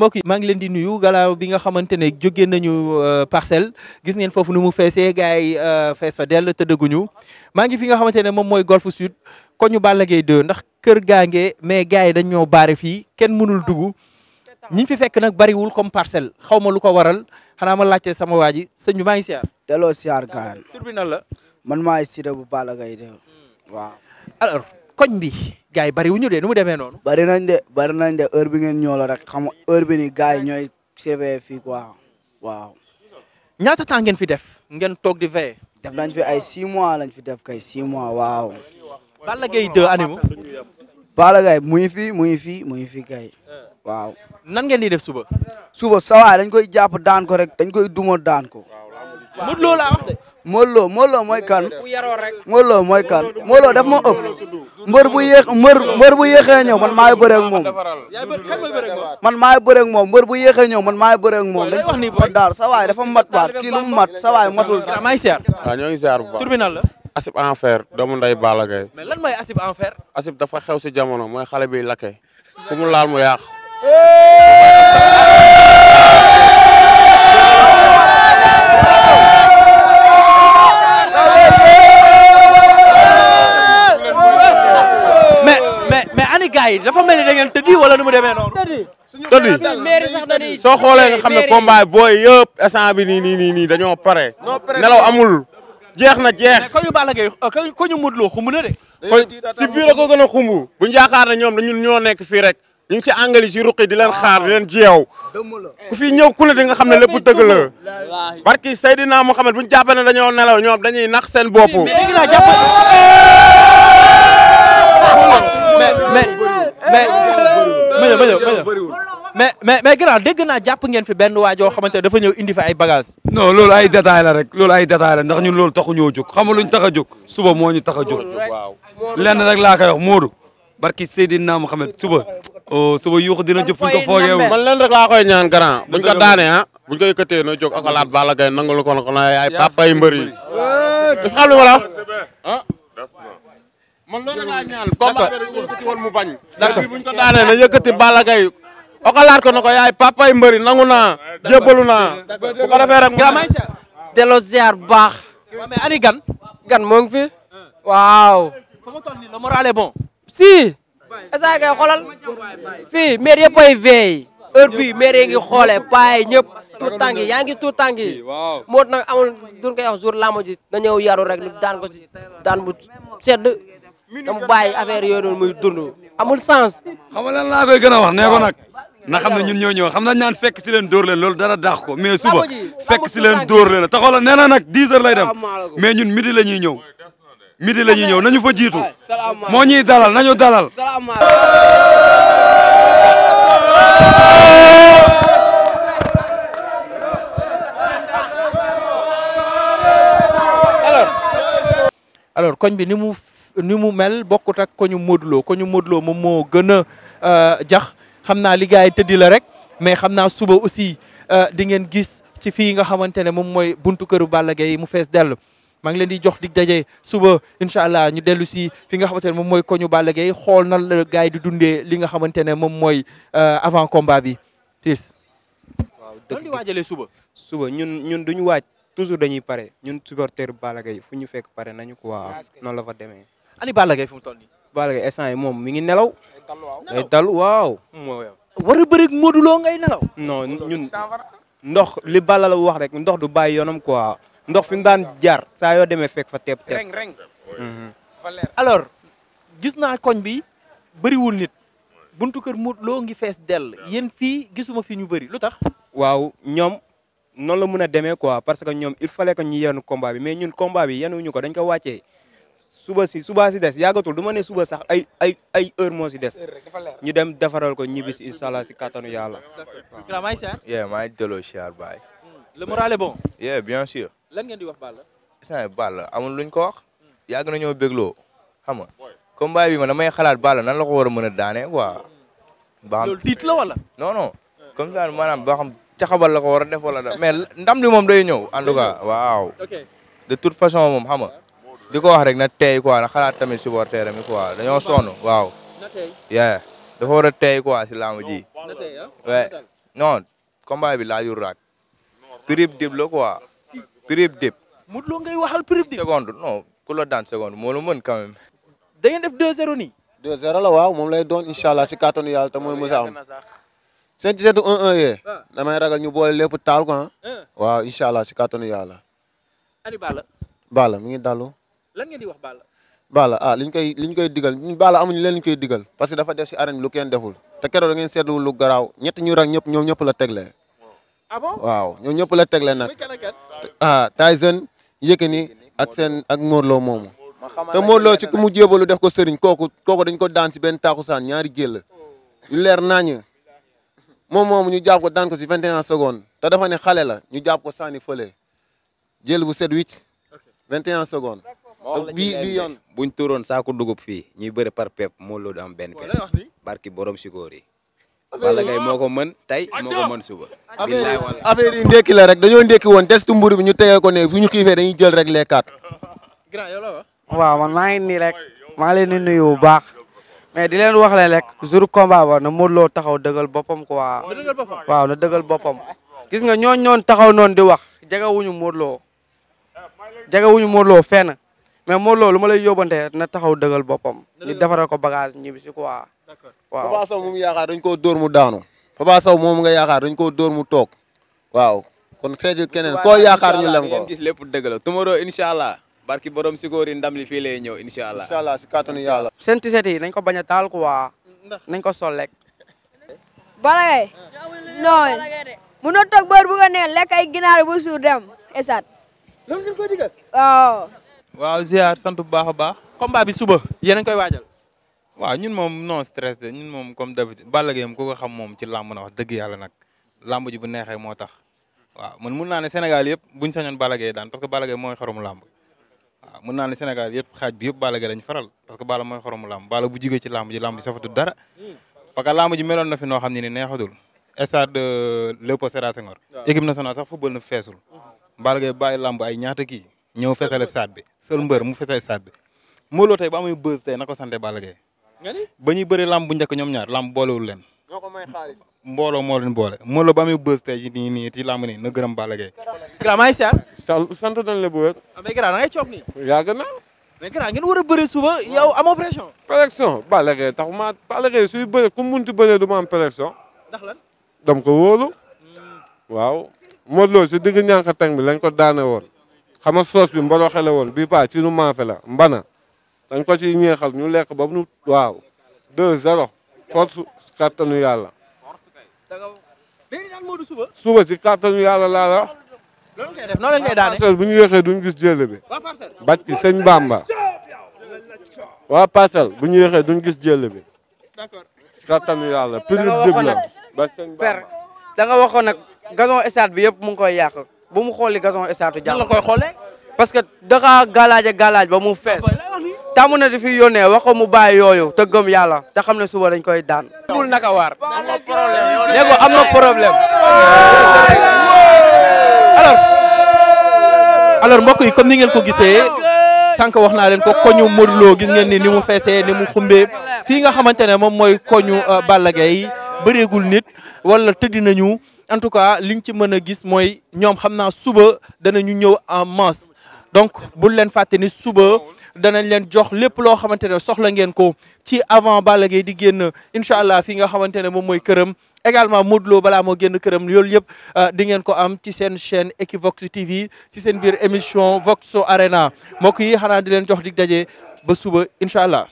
mbokk yi maa ngi leen di nuyu galaaw bi nga xamante ne jóge nañu euh, parcelle gis ngeen foofu nu mu feesee gars yi euh, fees fa dell te dëgguñu maa ngi fi nga xamante ne moom mooy golf sud ko ñu Balla Gaye 2 ndax kër gaangee mais gars yi dañ ñoo baare fii kenn mënul dugg ñi fi fekk nag bariwul comme parcelle xaw ma lu ko waral xanaa ma laajte sama waa ji sëñ bi maa ngi siyaar. delloo siyaar gaan tur bi nan la. man maay bu Balla Gaye 2 hmm. waaw. alors koñ bi. gars yi bari de nu mu demee noonu. bari nañ de bari nañ de bi ngeen ñoo la rek xam heure bi ni gars ñooy surveiller fii ko waaw. ñaata temps ngeen fi def ngeen toog di veiller. def nañ fi ay 6 mois lañ fi def kay 6 mois waaw. Balla Gaye 2 animu. Balla Gaye muy fi muy fi muy fi kay. waaw. nan ngeen di def suba. suba sawaay dañ koy jàpp daan ko rek dañ koy duma daan ko. Modou Lo laa wax de. Modou Lo Modou Lo mooy kan. Modou Lo mooy kan Modou Lo daf ma ëpp. mbër bu yéex mbër mbër bu yéexee ñëw man ma bëre ak man maay bëre ak moom mbër bu yéexee ñëw man maay bëre ak moom dañ ko sa waay dafa mat baat kii lu mu mat sa waay matul. ñoo ngi ziar bu baax tribunal la. Asib enfer doomu nday Balla mais lan mooy Asib enfer. Asib dafa xew si jamono mooy xale bi lakke fu mu laal mu yàq. yi dafa mel ni ngeen tëddi wala nu mu demee noonu. tëddi soo xoolee nga xam ne combat booy yëpp instant bi nii nii nii nii dañoo pare. nelaw amul jeex na jeex. mais ko ñu Balla Gaye euh, ko ñu Modou Lo xumb na de. kon si biir ko gën a xumb. bu ñu yaakaar ne ñoom dañu ñoo nekk fii rek. ñu si angal yi si ruqi di leen xaar jeew ku fi ñëw ku ne di nga xam ne lépp dëgg la barki Seydina Muhammad bu ñu jàppee ne dañoo nelaw ñoom dañuy nax seen bopp. mais mais mais mais mais grand dégg naa jàpp ngeen fi benn waa joo xamante ne dafa ñëw indi fa ay bagages. non loolu ay détails la rek loolu ay détails la ndax ñun loolu taxu ñoo jóg xam nga luñ tax a jóg suba moo ñu tax a jóg. lenn rek laa koy wax Modou. barki Seydina Mohamed suba. Oh, suba yuuxu dina jëf fu ñu ko foogeewul. man lenn rek laa koy ñaan grand buñ ko daane ah. buñ ko yëkkatee a jóg akalaat Balla Gaye nangalu ko na ay papa yu mbër yi. bis la wax man loolu laa ñaan combat bi woon mu bañ. d'accord buñ ko daanee na yëkkati Balla Gaye okalaat ko na ko yaay papay mbëri nangu naa jébbalu naa bu ko defee rek. nga may sa delloo ziar bu baax. mais ani gan. gan moo ngi fi. waaw. fa ma toll nii le moral est bon. si. est-ce que xoolal fii maire yëpp ay veille heure bii maire yi ngi xoolee paa yi ñëpp. tuut tàng yi yaa ngi tuut tàng yi. moo nag amul duñ koy wax jour làmb ji. na ñëw yaru rek daan ko ci daan bu sedd. te mu bàyyi affaire yooyu noonu muy dund amul sens. xam nga lan laa koy gën wax nee ko nag. na xam ne ñun ñoo ñëw na ñaan naan fekk si leen dóor leen loolu dara dàq ko mais suba fekk si leen dóor leen te xoolal nee na nag 10 heures lay dem mais ñun midi la ñuy ñëw midi la ñuy ñëw nañu fa jiitu moo ñuy dalal nañu dalal. alors koñ bi ni mu nu mu mel bokkut ak ko ñu modloo ko ñu modloo moom moo gën a euh, jax xam naa li gars yi tëddi la rek mais xam naa suba aussi euh, di ngeen gis ci fii nga xamante ne moom mooy buntu këru Balla Gaye mu fees dell maa ngi leen di jox di daje suba incha allah ñu dellu si fi nga xamante ne moom mooy koñu Balla Gaye xool na la gars yi di dundee li nga xamante ne moom mooy euh, avant combat bi tiis waaw dëgg di waajalee suba suba ñun ñun duñu waaj toujours dañuy pare ñun supporter Balla Gaye fu ñu fekk pare na nañu quoi ah, noonu la fa demee ani Balla Gaye fu mu toll nii. Balla Gaye instant yi moom mi ngi nelaw. day dal waaw war a bëri Modou Lo ngay nelaw. non ñun ndox li bala la wax rek ndox du bàyyi yoonam quoi ndox fi mu daan jaar saa yoo demee fekk fa teeb teeb. Mhm. alors gis naa koñ bi bëriwul nit buntu kër Modou loo ngi fees dell yéen fii gisuma fi ñu bari lu tax. waaw ñoom noonu la mën a demee quoi parce que ñoom il fallait que ñu yenn combat bi mais ñun combat bi yenuñu ko dañ ko wàccee. suba si suba si des yàggatul du ma ne suba sax ay ay ay heure moo si des ñu dem defaral ko ñibbi si incha allah si kattanu yàlla. d'accord maa baay. Hmm. le moral est bon. bien sûr. lan ngeen di wax Balla. sëñ bi Balla amul luñ ko wax. yàgg nañoo bégloo xam nga. combat bi ma damay xalaat Balla nan la ko war a mën a daane quoi. baax loolu tiit la wala. non non comme ça maanaam boo xam caxabal la ko war a def wala mais ndam li moom day waaw. de toute façon moom xam di ko wax rek na teey quoi na xalaat tamit supporter am quoi dañoo sonn waaw. na teey yaa war a teey quoi si làmb ji. na teey ah non bi laajul raak. prib dib la quoi. prib dib. Modou Lo ngay waxal prib dib. seconde non ku la daan seconde moo la mën quand def 2-0 nii. 2-0 la waaw moom lay doon incha allah si kàttanu yàlla te mooy mos a am. seen ci seetu 1-1 yee. Ah. damay ñu boole lépp taal quoi. Ah. waaw incha allah si kàttanu yàlla. ani Balla. Balla ngi dalu. lan ngeen di wax Balla. Balla ah liñ koy liñ koy digal ñun Balla amuñu leen liñ koy digal parce que dafa def si arène bi lu kenn deful te keroog da ngeen seetluwul lu garaaw ñett ñu rek ñëpp ñoom ñëpp la teglee. Ah waaw ñoom ñëpp la teglee nag. ah Tyson Yékini ak seen ak Mor Lo moomu. te Mor si ku mu jébalu def ko sëriñ kooku kooku dañ ko daan si benn saan ñaari jël yu leer nañu moom moomu ñu jàpp ko daan ko si 21 secondes te dafa ne xale la ñu jàpp ko sànni fële jël bu set 8 21 secondes. bii bii yoon buñ tuuroon saako dugub fii ñuy bëri par pep Modou Lô du am benn pep barki borom sikoor yi Balla moo ko mën tey moo ko mën suba billaay wala affaire yi ndekki la rek dañoo ndekki woon testu bi ñu tegee ko ne ñu xiifee dañuy jël rek lekkaat waaw maa ngi nii rek maa leen di nuyu bu baax mais di leen wax leen rek jour combat ba na taxaw dëggal boppam quoi waaw na dëggal boppam gis nga ñooñ ñoon taxaw noonu di wax jegewuñu Modou Lô jegewuñu Modou Lô fenn mais moo loolu ma lay yóbbante na taxaw dëggal boppam. ñu defaral ko bagage ñibbi si quoi. waaw Papa Sow moom yaakaar koo dóor mu daanu. Papa Sow moom nga yaakaar dañ koo dóor mu toog. waaw kon seeti keneen koo yaakaar ko ngeen gis lépp dëgg la tomorrow incha allah. barki borom sikoor yi ndam li fii lay ñëw incha allah. incha allah si kàttanu yàlla. seen tiset yi ko bañ a taal quoi. nañ ko na toog bër bu nga ne lekk ay ginaar bu suur dem esat loolu waaw ziar sant bu baax a baax. combat bi suba yéen a ngi koy waajal. waaw ñun moom non stress de ñun moom comme d'habitude bala Gaye ko xam moom ci lamb na wax dëgg yàlla nag làmb ji bu neexee moo tax waaw man mun naa ne Sénégal yëpp buñ sañoon Balla Gaye daan parce que Balla Gaye mooy xoromu làmb waaw naa ne yëpp xaaj bi yëpp Balla Gaye faral parce que Balla mooy xoromu làmb Balla bu jigee ci làmb ji làmb ji safatul dara parce que làmb ji meloon na fi noo xam ne ni neexatul stade Léopold Sédar Senghor équipe nationale sax football na feesul Balla Gaye bàyyi làmb ay ñaata kii ñëw fesale stade bi seul mbër mu fesale stade bi Modou tey ba amuy buzz tey na ko sante Balla Gaye ba ñuy bëri lamb bu njëkk ñoom ñaar lam boolewul leen mboolo moo leen boole Modou Lo ba amuy buzz tey ci nii nii ci lamb nii na gërëm Balla Gaye grand maa ngi siyaar sant ah, da ngay coob nii yàgg na mais grand ngeen war a bëri suba yow amoo pression pression Balla Gaye tax ma Balla Gaye suy bëri ku munti bëree du ma am ndax lan dam ko wóolu hmm. waaw Modou Lo si digg ñànk teg bi lañ ko daane woon xam nga soos bi mboroxe xele woon bii paa ci nu maafe la mbana dañ ko ci ñeexal ñu lekk ba mu waaw deux zéro force kàttanu yàlla suba ci kàttanu yàlla laa la wax parcelle bu ñu yéexee duñ gis jël bi bat ci sëñ Bamba waa parcelle bu ñu yéexee duñ gis jël bi kàttanu yàlla prix dëgg la ba sëñ Bamba da nga waxoon nag gazon stade bi yëpp mu ngi koy yàq bu mu xooli gazon estaatu jàmm. la koy xoolee. parce que dafa galaaj ak galaaj ba mu fees. tàmm na di fi yónnee wax mu bàyyi yooyu te gëm yàlla te xam ne suba dañ koy daan. bul naka waar. ne ko am na problème. alors alors mbokk yi comme ni ngeen ko gisee sànq wax naa leen ko koñu Modou gis ngeen ni ni mu feesee ni mu xumbee fii nga xamante ne moom mooy koñu euh, Balla Gaye bëreegul nit wala tëddi nañu. en tout cas li ñu ci mën a gis mooy ñoom xam naa suba dana ñu ñëw en masse donc bul leen fàtte ni suba danañ leen jox lépp loo xamante ne soxla ngeen ko ci avant Balla Gaye di génn incha allah fi nga xamante ne moom mooy këram également Modou Lo balaa moo génn këram loolu yëpp euh, di ko am ci seen chaîne Equivox TV ci seen biir émission Vox Arena mbokk yi xanaa di leen jox dig daje ba suba incha allah.